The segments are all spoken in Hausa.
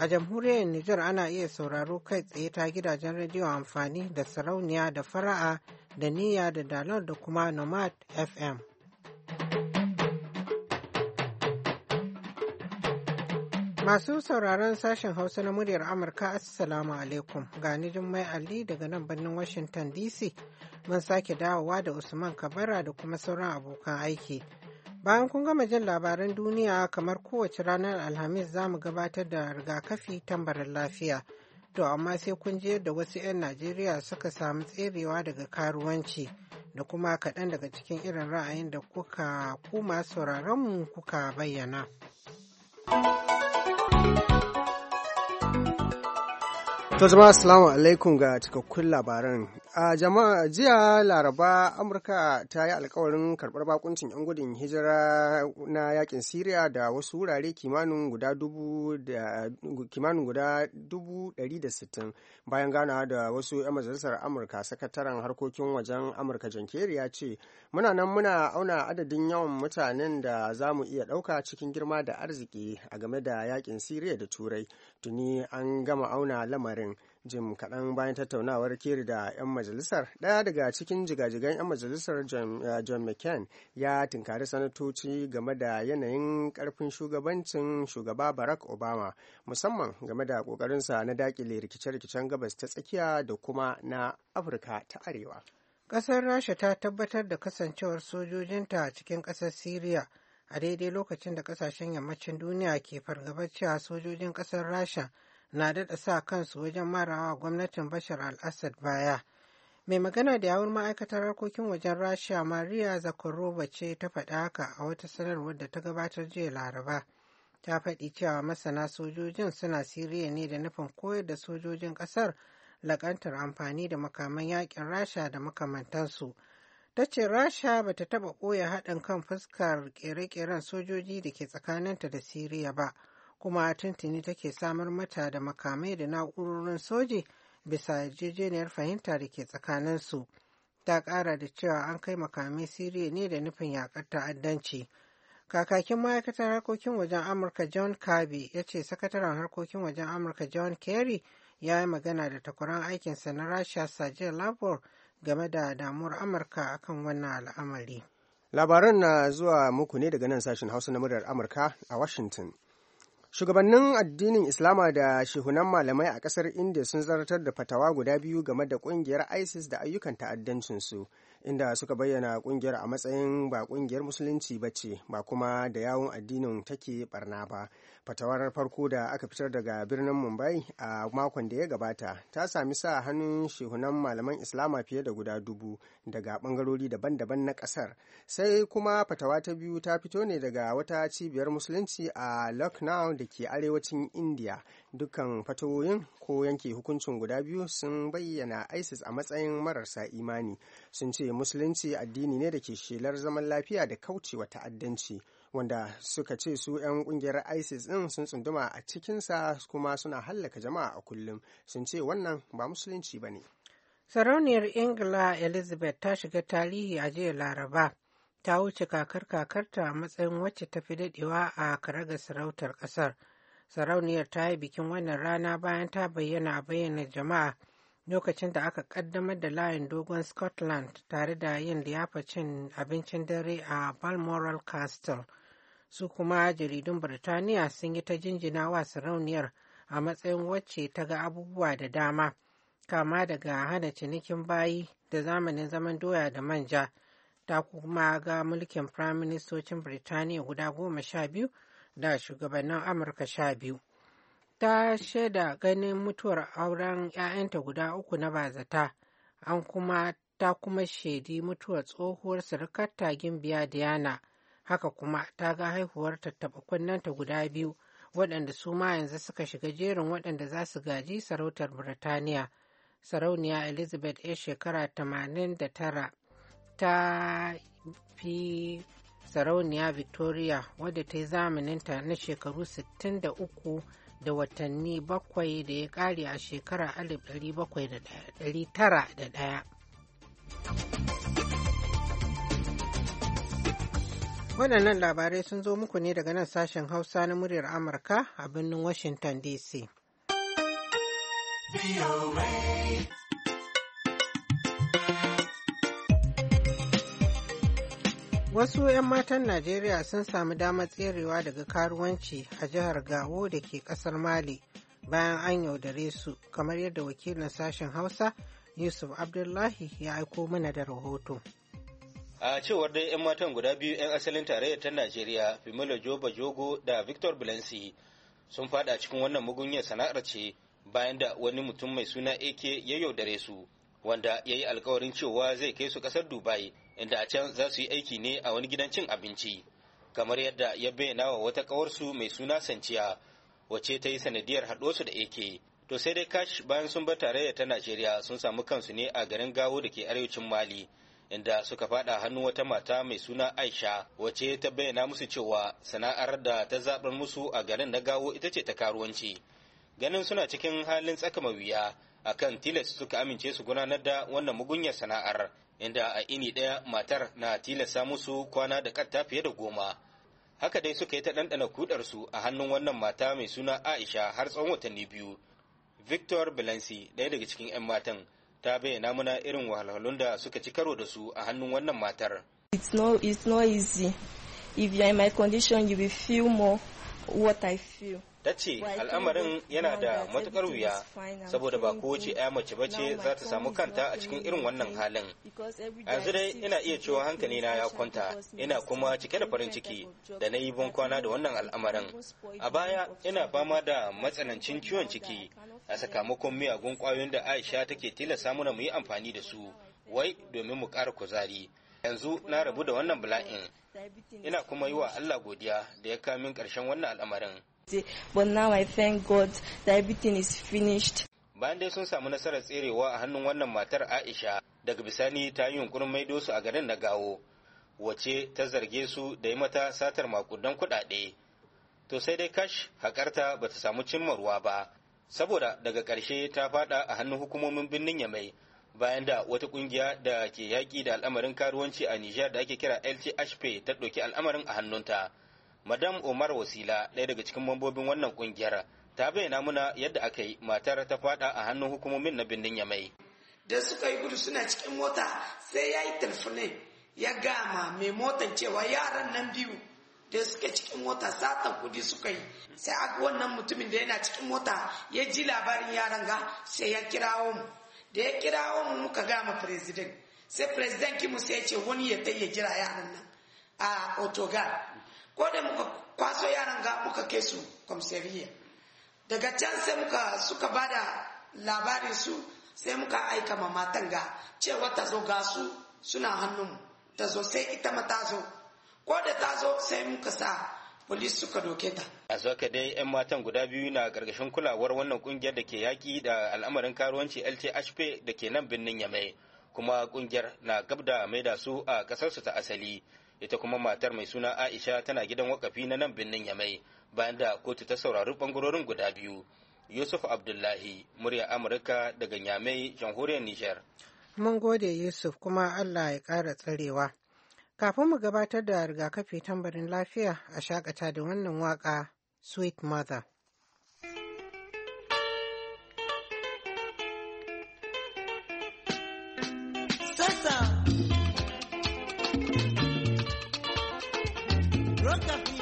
A jamhuriyar Nijar ana iya sauraro kai tsaye ta gidajen rediyo amfani da sarauniya da fara'a da niyya da dalar da kuma nomad FM. Masu sauraron sashen Hausa na muryar Amurka Assalamu alaikum ga Jummai Ali daga nan birnin Washington DC mun sake dawowa da Usman Kabara da kuma sauran abokan aiki. Bayan kun gama jin labaran duniya kamar kowace ranar Alhamis za mu gabatar da rigakafi tambarin lafiya. To amma sai kun je yadda wasu 'yan Najeriya suka samu tserewa daga karuwanci da kuma kaɗan daga cikin irin ra'ayin da kuka kuma sauraronmu kuka bayyana. To jama'a assalamu alaikum ga cikakkun labaran A jama'a jiya Laraba Amurka ta yi alkawarin karɓar bakuncin 'yan gudun hijira na yakin Siriya da wasu wurare kimanin guda dubu da kimanin guda dubu da sittin bayan ganawa da wasu 'yan majalisar Amurka sakataren harkokin wajen Amurka John Kerry ya ce muna nan muna auna adadin yawan mutanen da za mu iya ɗauka cikin girma da arziki a game da yakin Siriya da Turai tuni an gama auna lamarin jim kaɗan bayan tattaunawar kiri da 'yan majalisar ɗaya daga cikin jigajigan 'yan majalisar eh, john mccain ya tinkari sanatoci game da yanayin ƙarfin shugabancin shugaba barack obama musamman game da ƙoƙarinsa na daƙile rikice-rikicen gabas ta tsakiya da kuma na afirka ta arewa ƙasar rasha ta tabbatar da kasancewar sojojinta a cikin ƙasar syria a daidai lokacin da ƙasashen yammacin duniya ke fargabar cewa sojojin ƙasar rasha na daɗa sa kansu wajen marawa gwamnatin bashar al-assad baya mai magana da yawun ma'aikatar harkokin wajen rasha maria zakharova ce ta faɗi haka a wata sanarwar da ta gabatar jiya laraba ta faɗi cewa masana sojojin suna siriya ne da nufin koyar da sojojin ƙasar laƙantar amfani da makaman yakin rasha da makamantansu ta ce rasha ba ta taɓa ɓoye haɗin kan fuskar ƙere-ƙeren sojoji da ke tsakaninta da siriya ba kuma tuntuni take samar mata da makamai da na'urorin soji bisa yarjejeniyar fahimta da ke tsakaninsu ta kara da cewa an kai makamai siriya ne da nufin yakar ta'addanci kakakin ma'aikatar harkokin wajen amurka john kirby ya ce sakataren harkokin wajen amurka john kerry ya yi magana da takwaran aikinsa na rasha sajid labor game da damuwar amurka akan wannan al'amari labaran na zuwa muku ne daga nan sashen hausa na muryar amurka a washington Shugabannin addinin Islama da shehunan malamai a ƙasar India sun zartar da fatawa guda biyu game da ƙungiyar ISIS da ayyukan ta'addancinsu. inda suka bayyana kungiyar a matsayin ba kungiyar musulunci ba ce ba kuma da yawon addinin take barna ba fatawar farko da aka fitar daga birnin mumbai a makon da ya gabata ta sami sa hannun shehunan malaman islama fiye da guda dubu daga bangarori daban-daban na kasar sai kuma fatawa ta biyu ta fito ne daga wata cibiyar musulunci a lucknow da ke arewacin india dukkan fatawoyin ko yanke hukuncin guda biyu sun bayyana isis a matsayin marasa imani sun ce musulunci addini ne da ke shelar zaman lafiya da kaucewa ta'addanci wanda suka ce su 'yan kungiyar isis din sun tsunduma a cikinsa kuma suna hallaka jama'a a kullum sun ce wannan ba musulunci ba ne sarauniyar ingila elizabeth ta shiga tarihi a jiya laraba ta wuce kakar kakarta a matsayin wacce ta fi dadewa a karaga sarautar kasar sarauniyar ta yi bikin wannan rana bayan ta bayyana bayyana jama'a lokacin da aka kaddamar da layin dogon Scotland tare da yin liyafacin cin abincin dare a Balmoral Castle. Su kuma jaridun Birtaniya sun yi ta jinjina wa sarauniyar a matsayin wacce ta ga abubuwa da dama, kama daga hana cinikin bayi da zamanin zaman doya da manja, ta kuma ga mulkin firaministocin Birtaniya guda goma sha biyu da shugabannin Amurka sha biyu. ta shaida ganin mutuwar auren 'ya'yanta guda uku na bazata an kuma ta kuma shaidi mutuwar tsohuwar surukarta gimbiya diana haka kuma ta ga haihuwar tattaɓa kunnanta guda biyu waɗanda su ma yanzu suka shiga jerin waɗanda za su gaji sarautar Birtaniya. Sarauniya Elizabeth ya shekara 89 ta fi sarauniya Victoria wadda ta yi zamaninta na shekaru 63 da watanni bakwai da ya kare a shekara 1901 waɗannan labarai sun zo muku ne daga nan sashen hausa na muryar amurka a birnin washington dc Wasu 'yan matan Najeriya sun sami damar tserewa daga karuwanci a jihar Gawo da ke kasar Mali bayan an yaudare su kamar yadda wakilin sashen Hausa Yusuf Abdullahi ya aiko mana da rahoto. a cewar dai 'yan matan guda biyu 'yan asalin tarayyar ta najeriya fimila joba jogo da victor bilansi sun fada cikin wannan mugunyar sana'ar ce bayan da wani mutum mai suna ak ya yaudare su wanda ya yi alkawarin cewa zai kai su ƙasar dubai inda a can za su yi aiki ne a wani gidan cin abinci kamar yadda ya bayyana wa wata kawarsu mai suna sanciya wace ta yi sanadiyar su da ake to sai dai kash bayan sun bar tarayya ta najeriya sun samu kansu ne a garin gawo da ke arewacin mali inda suka fada hannu wata mata mai suna aisha wace ta bayyana musu cewa sana'ar da ta zaɓar musu a garin na gawo ita ce ta karuwanci ganin suna cikin halin tsaka mawuya akan tilas suka amince su gudanar da wannan mugunyar sana'ar inda a ini ɗaya matar na tilasta musu kwana da katta fiye da goma haka dai suka yi ta ɗanɗana kudarsu a hannun wannan mata mai suna aisha har tsawon watanni biyu victor belansi ɗaya daga cikin 'yan matan ta bayyana muna irin wahalhalun da suka ci karo da su a hannun wannan matar it's no it's easy if you in my condition will feel more what i feel ta ce al'amarin yana da matukar wuya saboda ba kowace 'ya mace bace za ta samu kanta a cikin irin wannan halin yanzu dai ina iya cewa hankali na ya kwanta ina kuma cike da farin ciki da na yi kwana da wannan al'amarin a baya ina fama da matsanancin ciwon ciki a sakamakon miyagun kwayoyin da aisha take tilasta mana mu yi amfani da su wai domin mu kara kuzari yanzu na rabu da wannan bala'in ina kuma yi wa allah godiya da ya kamin karshen wannan al'amarin day. But now I thank God that everything is finished. Bayan dai sun samu nasarar tserewa a hannun wannan matar Aisha daga bisani ta yi yunkurin maido su a garin na gawo wace ta zarge su da yi mata satar makudan kuɗaɗe. To sai dai kash haƙarta ba ta samu cimma ruwa ba, saboda daga ƙarshe ta faɗa a hannun hukumomin birnin Yamai bayan da wata ƙungiya da ke yaƙi da al'amarin karuwanci a Nijar da ake kira LTHP ta ɗauki al'amarin a hannunta. madam umar wasila ɗaya daga cikin mambobin wannan kungiyar ta bayyana muna yadda aka yi matar ta fada a hannun hukumomin na birnin yamai da suka yi gudu suna cikin mota sai ya yi telefone ya gama mai motan cewa yaran nan biyu da suka cikin mota satan kudi suka yi sai aka wannan mutumin da yana cikin mota ya ji labarin yaran ga sai ya kirawo mu da ya kirawo mu muka gama president sai president kimu sai ya ce wani ya ta ya jira yaran nan a otogar ko da muka kwaso yaran ga muka kai su kwamsariya daga can sai muka suka da labarin su sai muka aika ma matan ga cewa ta zo ga su suna hannun ta zo sai ita ma ta zo ko da ta zo sai muka sa polis suka doke ta. A saka dai 'yan matan guda biyu na gargashin kulawar wannan kungiyar da ke yaki da al'amarin karuwanci LTHP da ke nan birnin Yamai. kuma kungiyar na mai da su a ƙasarsu ta asali ita kuma matar mai suna aisha tana gidan wakafi na nan birnin yamai bayan da kotu ta saurari bangarorin guda biyu yusuf abdullahi murya amurka daga yamai jamhuriyar niger mun gode yusuf kuma allah ya kara tsarewa kafin mu gabatar da rigakafi tambarin lafiya a shakata da wannan waka sweet mother Look up.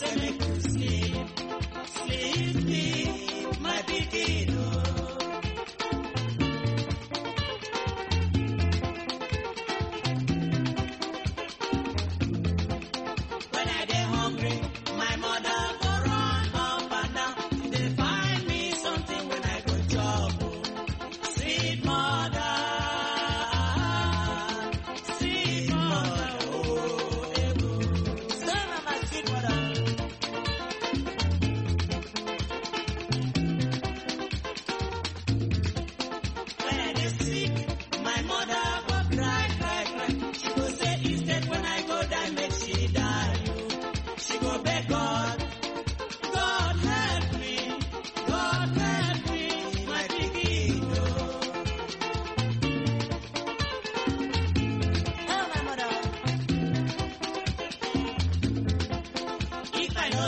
Sleep, sleep, sleep, sleep, my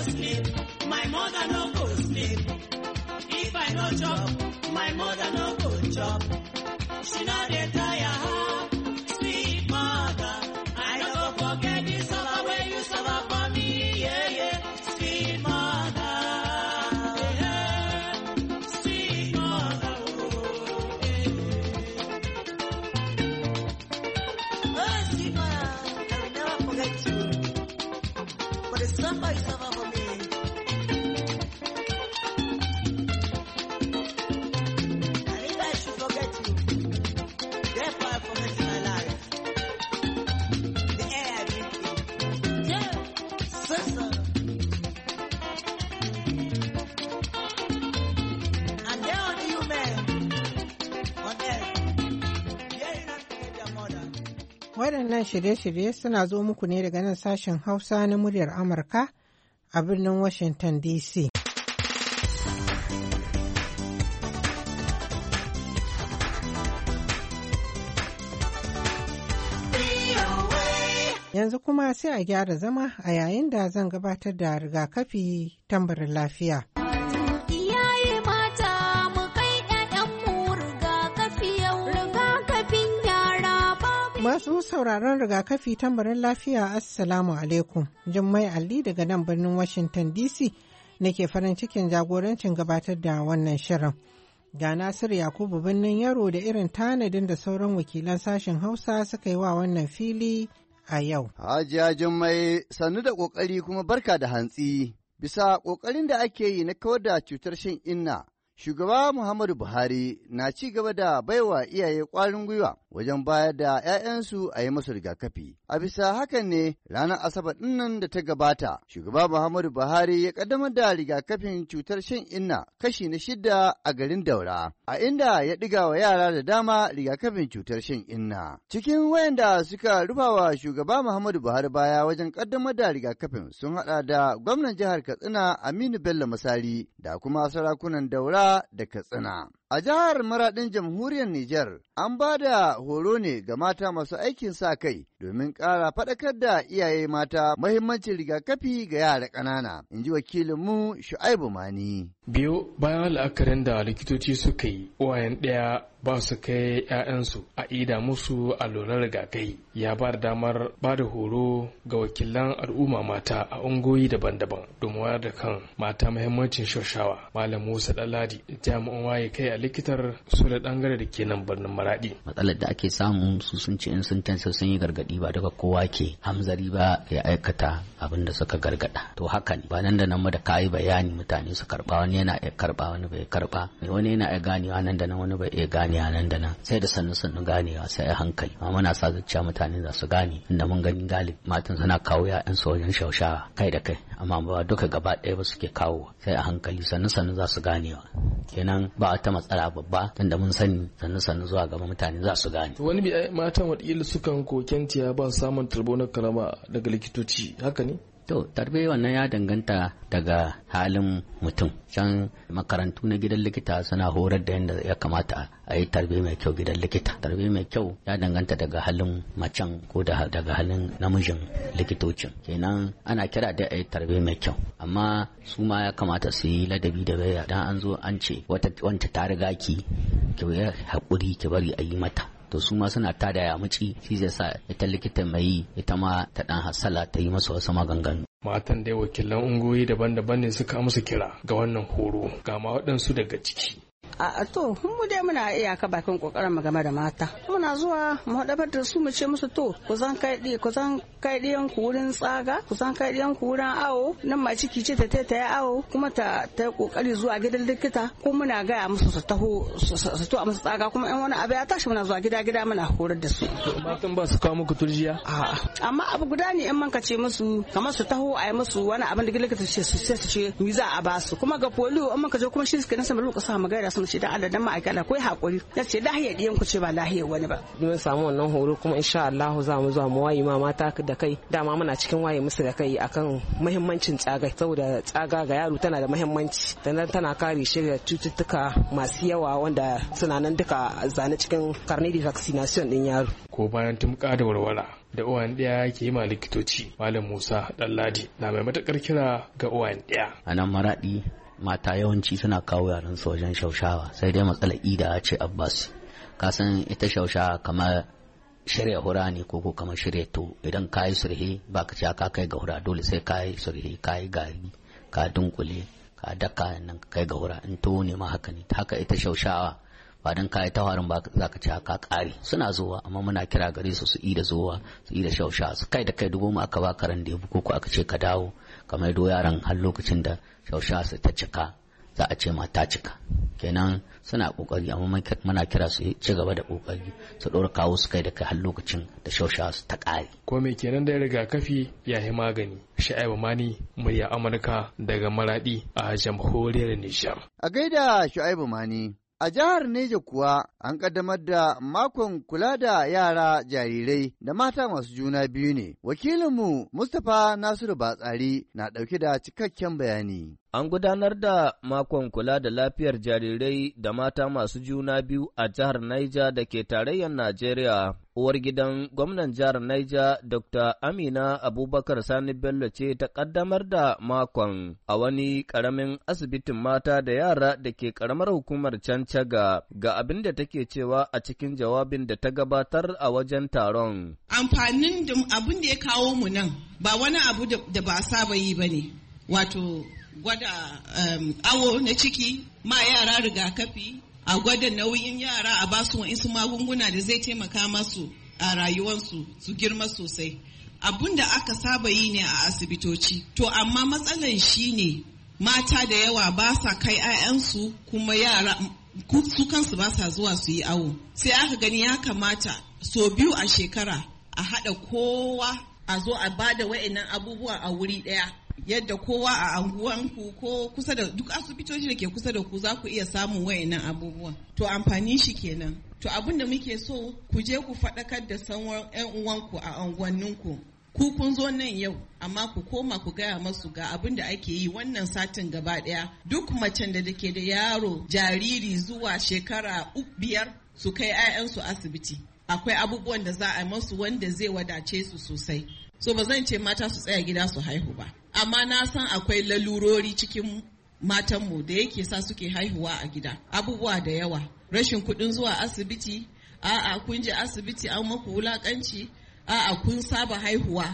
Muslim Waɗannan shirye-shirye suna zo muku ne daga nan sashen Hausa na muryar Amurka a birnin Washington DC. Yanzu kuma sai a gyara zama a yayin da zan gabatar da rigakafi tambarin lafiya. Masu sauraron rigakafi tambarin lafiya Assalamu alaikum. Jummai Alli daga nan birnin Washington DC na ke farin cikin jagorancin gabatar da wannan shirin. Ga Nasir Yakubu birnin Yaro da irin tanadin da sauran wakilan sashen Hausa suka yi wa wannan fili a yau. Hajiya Jummai sannu da ƙoƙari kuma barka da hantsi. Bisa ƙoƙarin da ake yi na kawar da cutar shan inna Shugaba Muhammadu Buhari na ci gaba da baiwa iyaye kwarin gwiwa wajen bayar da 'ya'yansu a yi masu rigakafi. A bisa hakan ne ranar Asabar ɗinnan da ta gabata, shugaba Muhammadu Buhari ya ƙaddamar da rigakafin cutar shan inna kashi na shida a garin Daura, a inda ya ɗiga wa yara da dama rigakafin cutar shan inna. Cikin wayanda suka rubawa shugaba Muhammadu Buhari baya wajen ƙaddamar da rigakafin sun haɗa da gwamnan jihar Katsina Aminu Bello Masari da kuma sarakunan Daura Zamfara da Katsina. A jihar Maraɗin Jamhuriyar Nijar, an ba da horo ne ga mata masu aikin sa kai domin ƙara faɗakar da iyaye mata mahimmancin rigakafi ga yara ƙanana, in ji wakilinmu Shu'aibu Mani. Biyu bayan la'akarin da likitoci suka yi, wayan ɗaya ba su kai 'ya'yansu a ida musu allurar rigakai ya ba da damar ba da horo ga wakilan al'umma mata a ungoyi daban-daban domin wayar da kan mata mahimmancin shoshawa malam musa ɗanladi jami'an waye kai a likitar sule dangare da ke nan birnin maradi matsalar da ake samu su sun ce in sun tansa sun yi gargadi ba daga kowa ke hamzari ba ya aikata abin da suka gargada to haka ne ba nan da nan da kayi bayani mutane su karba wani yana iya karba wani bai karba wani yana iya ganewa nan da nan wani bai iya ganewa nan da nan sai da sannu sannu ganewa sai a hankali amma muna sa zuciya mutane za su gane inda mun gani galib matan suna kawo ya'yan su wajen shaushawa kai da kai amma ba duka gaba ɗaya ba suke kawo sai a hankali sannu sannu za su ganewa kenan ba a ta matsala matsala babba tunda mun sani sannu sannu zuwa gaba mutane za su gane wani bi eh, matan watakila sukan koken ya ba samun tarbo na karama daga likitoci haka ne To tarbe wannan ya danganta daga halin mutum. Can makarantu na gidan likita suna horar da yadda ya kamata a yi tarbe mai kyau gidan likita. Tarbe mai kyau ya danganta daga halin macen ko daga halin namijin likitocin. Kenan ana kira da a yi tarbe mai kyau. Amma su ma ya kamata su yi ladabi da baya dan an zo an ce wata wanta ta riga ki ki haƙuri ki bari a yi mata. to su ma suna tada ya mace shi zai sa ita likita mai yi ita ma ta dan hasala ta yi masa wasu maganganu matan dai wakilan ungoyi daban-daban ne suka amsa kira ga wannan horo ga ma waɗansu daga ciki a to mu dai muna iyaka bakin kokarin mu game da mata muna zuwa mu hadabar da su mu ce musu to ku zan kai di ku zan kai di ku wurin tsaga ku zan kai di ku wurin awo nan ma ciki ce ta ta ya awo kuma ta ta kokari zuwa gidan likita ko muna gaya musu su taho su to a musu tsaga kuma in wani abu ya tashi muna zuwa gida gida muna horar da su matan ba su kawo muku turjiya a amma abu guda ne in man ka ce musu kamar su taho a yi musu wani abin da likita ce su ce su ce mi za a ba su kuma ga polio in man ka je kuma shi suke nasa mu ka sa mu gaida su mu ce da Allah dan ma'aikata ko hakuri na ce lahiyar ɗiyan ku ce ba lahiyar wani ba mun samu wannan horo kuma insha Allah za mu zuwa mu waye ma mata da kai dama muna cikin waye musu da kai akan muhimmancin tsaga saboda tsaga ga yaro tana da muhimmanci sannan tana kare shi da cututtuka masu yawa wanda suna nan duka zane cikin karne de vaccination din yaro ko bayan tumka da warwara da uwan ɗaya ke yi ma likitoci malam musa ɗanladi na mai matakar kira ga uwan ɗaya a nan maraɗi mata yawanci suna kawo yaran su wajen shaushawa sai dai matsalar ida ce abbas kasan ita shaushawa kamar shirya hura ne ko kamar shirya to idan ka yi surhe ba ka ci ka kai ga hura dole sai ka yi surhe ka yi gari ka dunkule ka daka nan ka kai ga hura in to ne ma haka ne haka ita shaushawa ba don kayi tawarin ba za ka ci haka ƙari suna zuwa amma muna kira gare su su da zuwa su da shausha su kai da kai dubu mu aka ba ran da ya buko ko aka ce ka dawo kamar do yaran har lokacin da shausha su ta cika za a ce ma ta cika kenan suna kokari amma muna kira su ci gaba da kokari su dora kawo su kai da kai har lokacin da shausha su ta kare ko me kenan da rigakafi ya yi magani sha'ibu mani murya amurka daga maradi a jamhuriyar nijar a gaida sha'ibu mani A jihar Neja kuwa an kaddamar da makon kula da yara jarirai da mata masu juna biyu ne. Wakilinmu Mustapha Nasiru Batsari na ɗauke da cikakken bayani. An gudanar da makon kula da lafiyar jarirai da mata masu juna biyu a jihar Niger da ke tarayyar Najeriya. Uwar gidan gwamnan jihar Niger Dr. Amina Abubakar Sani Bello ce ta kaddamar da makon a wani ƙaramin asibitin mata da yara da ke karamar hukumar Cancaga ga abin da take cewa a cikin jawabin da ta gabatar a wajen taron. Amfanin abin da ya kawo mu nan ba wani abu da ba saba yi ba ne. Wato gwada um, awo na ciki ma yara rigakafi a gwada nauyin yara a basu su magunguna da zai taimaka masu a rayuwarsu su girma sosai abun da aka saba yi ne a asibitoci to amma matsalan shi ne mata da yawa ba sa kai 'ya'yansu kuma yara su kansu ba sa zuwa su yi awo sai aka gani ya kamata so biyu a shekara a haɗa kowa a zo a bada wa'annan abubuwa a wuri ɗaya yadda kowa a anguwanku ko kusa da duk asibitoci da ke kusa da ku za ku iya samun wayannan abubuwan to amfani shi kenan to abin da muke so ku je ku faɗakar da sanwar 'yan uwanku a anguwanninku ku kun zo nan yau amma ku koma ku gaya masu ga abin da ake yi wannan satin gaba ɗaya duk macen da ke da yaro jariri zuwa shekara biyar su kai 'ya'yansu asibiti akwai abubuwan da za a masu wanda zai wadace su sosai so ba zan ce mata su tsaya gida su haihu ba amma na san akwai lalurori cikin matanmu da yake sa suke haihuwa a gida abubuwa da yawa rashin kuɗin zuwa asibiti a'a kun je asibiti an maku wulakanci a'a kun saba haihuwa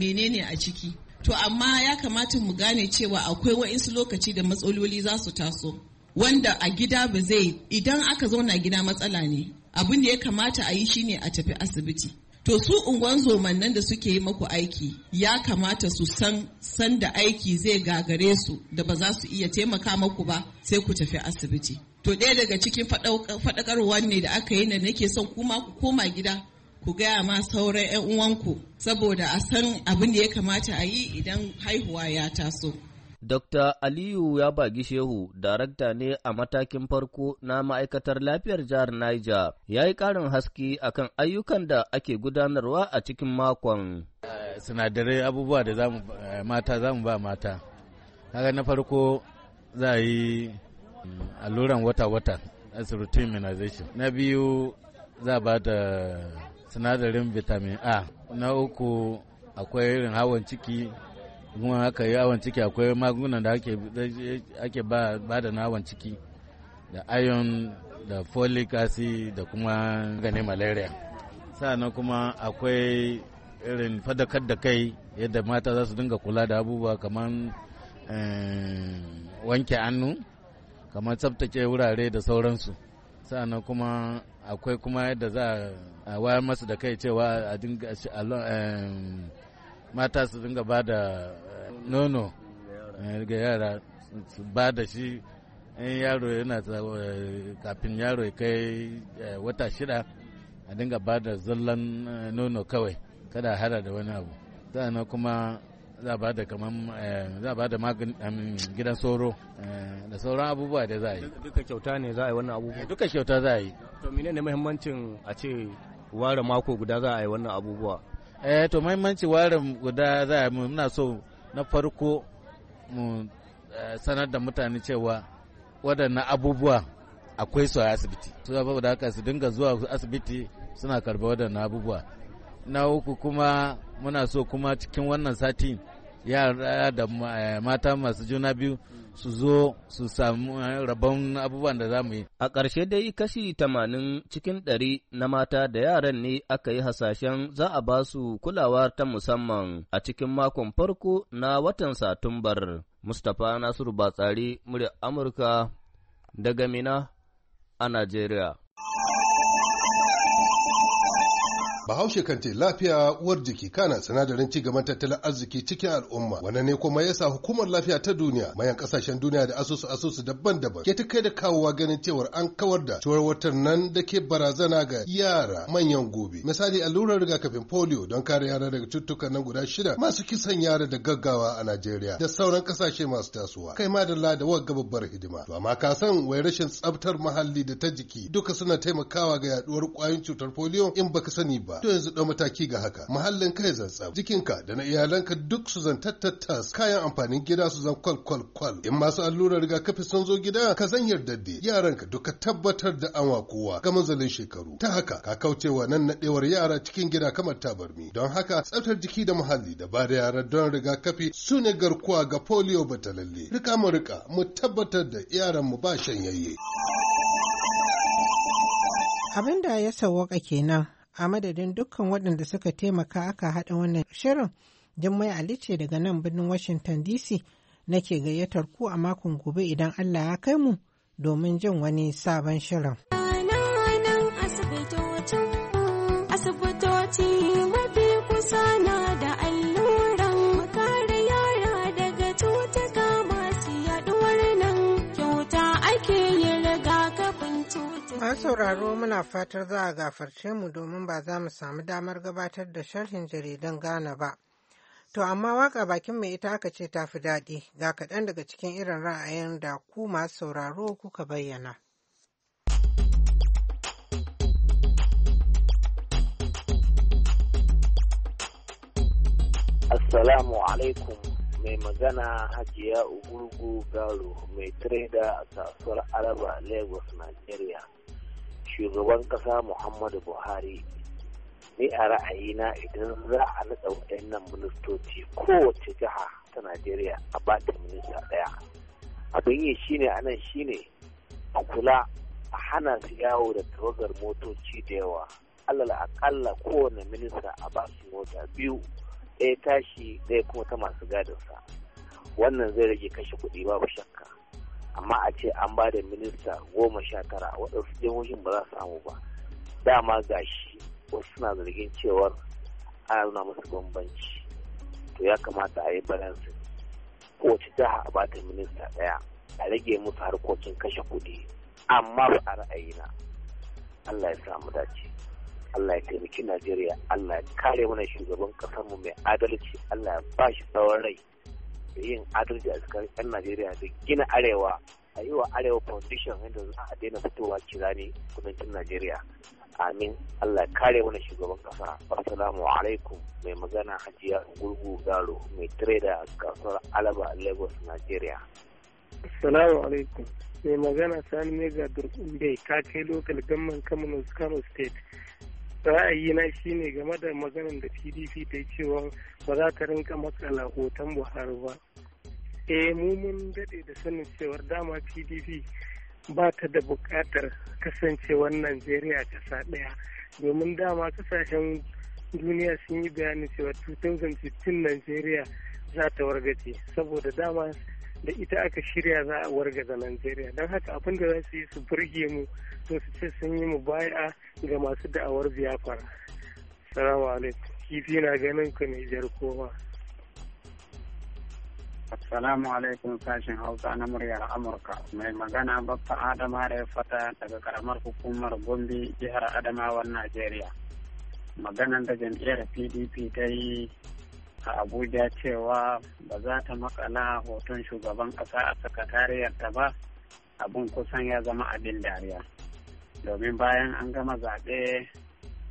menene a ciki to amma ya kamata mu gane cewa akwai wa'insu lokaci da matsaloli za su taso wanda a gida ba zai idan aka zauna gida matsala ne abin da ya kamata a yi shine a tafi asibiti to su unguwan zoman nan da suke yi maku aiki ya kamata su san san da aiki zai gagare su da ba za su iya taimaka maku ba sai ku tafi asibiti to ɗaya daga cikin faɗakarwa ne da aka yi na nake son kuma ku koma gida ku gaya ma sauran 'yan uwanku saboda a san abin da ya kamata a yi idan haihuwa ya taso Dr. Aliyu ya Yabagi Shehu, darakta ne a matakin farko na ma'aikatar lafiyar jihar Niger, ya yi ƙarin haske akan ayyukan da ake gudanarwa a cikin makon. Eh, sinadarai abubuwa da eh, mata za mu ba mata. Haka na farko za a yi mm, alluran wata-wata, a immunization. Na biyu za ba da sinadarin vitamin A. Na uku akwai irin hawan ciki kuma haka awon ciki akwai magunguna da ake ba da awon ciki da iron da folic acid da kuma gane malaria sa'annan kuma akwai irin fadakar da kai yadda mata za su dinga kula da abubuwa kamar eh, wanke hannu kamar tsabtace wurare da sauransu sa'annan kuma akwai kuma yadda za a wayar masu da kai cewa a dinga eh, mata su dinga ba da eh, nono eh, ga yara su ba da shi in yaro yana eh, kafin yaro ya kai wata shida a dinga ba da zallan nono kawai kada hada da wani abu sannan kuma za ba da kaman za ba da gidan sauro da sauran abubuwa da za a yi duka kyauta ne za a yi wannan abubuwa duka kyauta za a yi to menene muhimmancin a ce ware mako guda za a yi wannan abubuwa eh to mahimmanci warin guda za a mu muna so na farko mu eh, sanar da mutane cewa waɗannan abubuwa akwai su a asibiti su da haka su dinga zuwa asibiti suna karba waɗannan abubuwa na uku kuma muna so kuma cikin wannan sati yara da eh, mata masu juna biyu su zo su samu eh, rabon abubuwan da za mu yi. A ƙarshe dai kashi tamanin cikin ɗari na mata da yaran ne aka yi hasashen za a ba su kulawa ta musamman a cikin makon farko na watan Satumbar. Mustapha Nasiru Batsari, murya Amurka daga Mina a Najeriya. Bahaushe kan ce lafiya uwar jiki kana sinadarin ci gaban tattalin arziki cikin al'umma. Wannan ne kuma yasa hukumar lafiya ta duniya mayan kasashen duniya da asusu asusu daban-daban ke ta kai da kawowa ganin cewar an kawar da ciwarwatar nan da ke barazana ga yara manyan gobe. Misali allurar rigakafin polio don kare yara daga cututtukan nan guda shida masu kisan yara da gaggawa a Najeriya da sauran kasashe masu tasowa. Kai ma da lada wagga babbar hidima. To amma ka san wai rashin tsabtar muhalli da ta jiki duka suna taimakawa ga yaduwar kwayoyin cutar polio in baka sani ba. to yanzu ɗau mataki ga haka muhallin kai zantsam jikinka da na iyalanka duk su zan tattattas kayan amfanin gida su zan kwal kwal kwal in masu allurar rigakafi sun zo gida ka zan yarda da yaranka duka tabbatar da an kowa ga manzalin shekaru ta haka ka kaucewa nan naɗewar yara cikin gida kamar tabarmi don haka tsaftar jiki da muhalli da ba da yara don rigakafi su ne garkuwa ga polio talalle. rika mu rika mu tabbatar da yaran mu ba shanyayye abin da ya sawwaka kenan a madadin dukkan waɗanda suka taimaka aka haɗa wannan shirin Jummai Ali ce daga nan birnin Washington DC nake gayyatar ku a makon gobe idan Allah ya kai mu domin jin wani sabon shirin. Asibitoci mafi kusa Masu sauraro muna fatar za a gafarce mu domin ba za mu samu damar gabatar da sharhin jaridan Ghana ba. To amma waka bakin mai ita aka ce ta fi daɗi ga kaɗan daga cikin irin ra'ayin da ku masu sauraro kuka bayyana. Assalamu alaikum mai magana hajiya ugurgu garo mai trader a kasuwar araba lagos nigeria shugaban kasa muhammadu buhari ni a ra'ayina idan za a naɗa waɗannan ministoci kowace jiha ta najeriya a bata minista ɗaya abin yi shine a nan shine a kula a hana su yawo da tawagar motoci da yawa alal akalla kowane minista a ba mota biyu ɗaya tashi ɗaya kuma ta masu gadinsa wannan zai rage kashe kuɗi babu shakka amma a ce an ba da minista goma sha tara waɗansu jihohin ba za su samu ba dama gashi wasu suna zargin cewar ana nuna musu bambanci to ya kamata a yi balansi kowace jiha a ba ta minista ɗaya a rage musu harkokin kashe kuɗi amma ba a ra'ayina Allah ya samu dace Allah ya taimaki Najeriya Allah ya kare mana shugaban ƙasarmu mai adalci Allah ya ba shi tsawon rai da yin adalci a tsakanin 'yan Najeriya da gina arewa a yi wa arewa foundation yadda za a daina fitowa kirani kudancin Najeriya. Amin Allah kare wani shugaban kasa. Assalamu alaikum mai magana Hajiya Gurgu Garo mai tireda kasuwar Alaba Lagos Najeriya. Assalamu alaikum mai magana Sani Mega Durkumbe ta kai lokal gamman Kano State. ra'ayi shi ne game da maganin da pdp ta yi cewa ba za ta rinka matsala hoton buhari ba eh mu mun daɗe da sanin cewar dama pdp ba ta da buƙatar kasancewar najeriya ƙasa ɗaya domin dama ƙasashen duniya sun yi bayanin cewa 2015 najeriya za ta wargaje saboda dama da ita aka shirya za a wargaza Najeriya don haka abin da za su yi su burge mu to su ce sun yi mu baya ga masu da'awar biyafar Salamu alaikum. Kifi na ganin ku ne jar kowa. Assalamu alaikum sashen Hausa na muryar Amurka. Mai magana babba Adama da ya fata daga karamar hukumar Gombe jihar Adamawan Najeriya. Maganan da jam'iyyar PDP ta yi a abuja cewa ba za ta makala hoton shugaban kasa a sakatariyarta ba abin kusan ya zama abin dariya domin bayan an gama zaɓe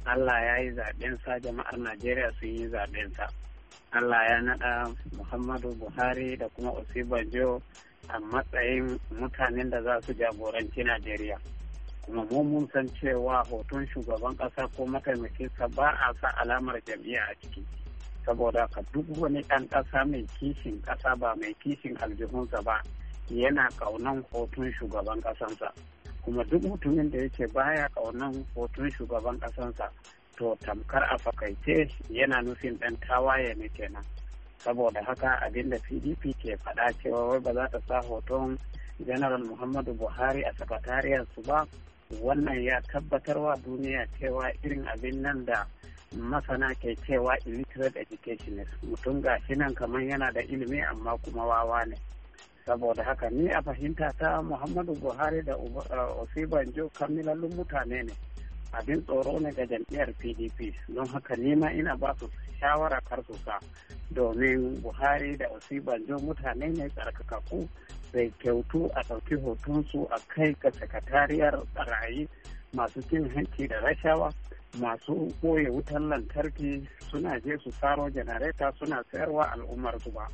allah ya yi sa jama'ar najeriya sun yi zaɓen sa. allah ya naɗa muhammadu buhari da kuma osibajo a matsayin mutanen da za su jagoranci najeriya kuma mu mun san cewa hoton shugaban ƙasa ko mataimakinsa ba a sa alamar jam'iyya a ciki saboda ka duk wani ɗan ƙasa mai kishin ƙasa ba mai kishin aljihunsa ba yana ƙaunan hoton shugaban ƙasansa kuma duk mutumin da yake baya ƙaunan hoton shugaban ƙasansa to tamkar a fakaice yana nufin ɗan tawaye ne kenan saboda haka abinda pdp ke faɗa cewa wai ba za ta sa hoton general muhammadu buhari a sakatariyarsu ba wannan ya tabbatarwa duniya cewa irin abin nan da masana ke cewa illiterate educationist mutum ga shi nan kamar yana da ilimi amma kuma wawa ne saboda haka ni a fahimta ta muhammadu buhari da eh, osibanjo kammilalun mutane ne abin tsoro ne ga jam'iyyar pdp don haka ni nima ina ba su shawara kar su sa domin buhari da osibanjo mutane ne tsarkakaku sai kyautu a ɗauki hotonsu a kai ga sakatariyar barayi masu cin hanci da rashawa masu ɓoye wutan lantarki suna je su saro janareta suna sayarwa al'ummar su ba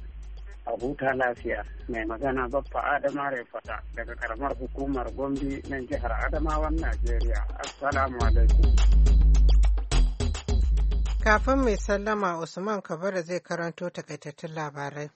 a huta lafiya mai magana baffa adama fata daga karamar hukumar gombe nan jihar adamawan najeriya assalamu alaikum kafin mai sallama usman kabara zai karanto takaitattun labarai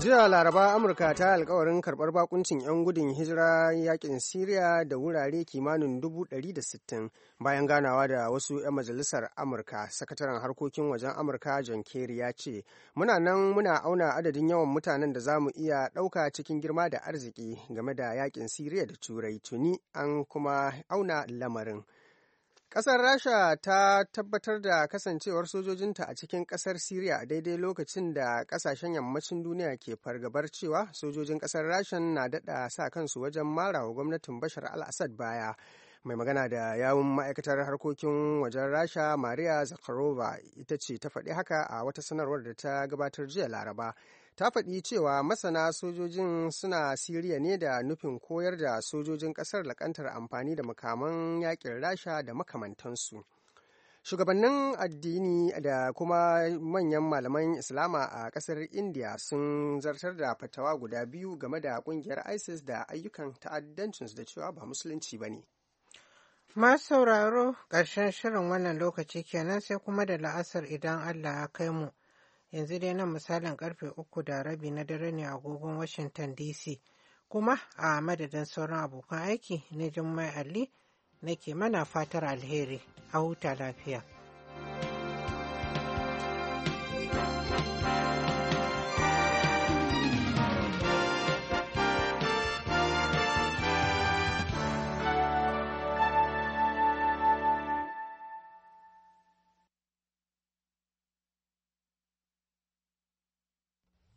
jiya laraba amurka ta alkawarin karbar bakuncin 'yan gudun hijira yakin siriya da wurare kimanin 160 bayan ganawa da wasu 'yan majalisar amurka sakataren harkokin wajen amurka john kerry ya ce muna nan muna auna adadin yawan mutanen da za mu iya ɗauka cikin girma da arziki game da yakin siriya da turai tuni an kuma auna lamarin Ƙasar Rasha ta tabbatar da kasancewar sojojinta a cikin ƙasar Siriya a daidai lokacin da ƙasashen yammacin duniya ke fargabar cewa sojojin ƙasar rasha na daɗa sa kansu wajen mara wa gwamnatin Bashar al-Assad baya. Mai magana da yawun ma'aikatar harkokin wajen Rasha Maria Zakharova ita ce ta faɗi haka a wata sanarwar da ta gabatar jiya Laraba. ta faɗi cewa masana sojojin suna siriya ne da nufin koyar da sojojin ƙasar lakantar amfani da makaman yakin rasha da makamantansu shugabannin addini da kuma manyan malaman islama a ƙasar india sun zartar da fatawa guda biyu game da ƙungiyar isis da ayyukan ta'addancinsu da cewa ba musulunci ba ne Masu sauraro ƙarshen shirin wannan lokaci kenan sai kuma da la'asar idan Allah ya kai mu yanzu dai nan misalin karfe uku da rabi na dare ne a agogon washington dc kuma a madadin sauran abokan aiki na jummai ali nake mana fatar alheri a huta lafiya.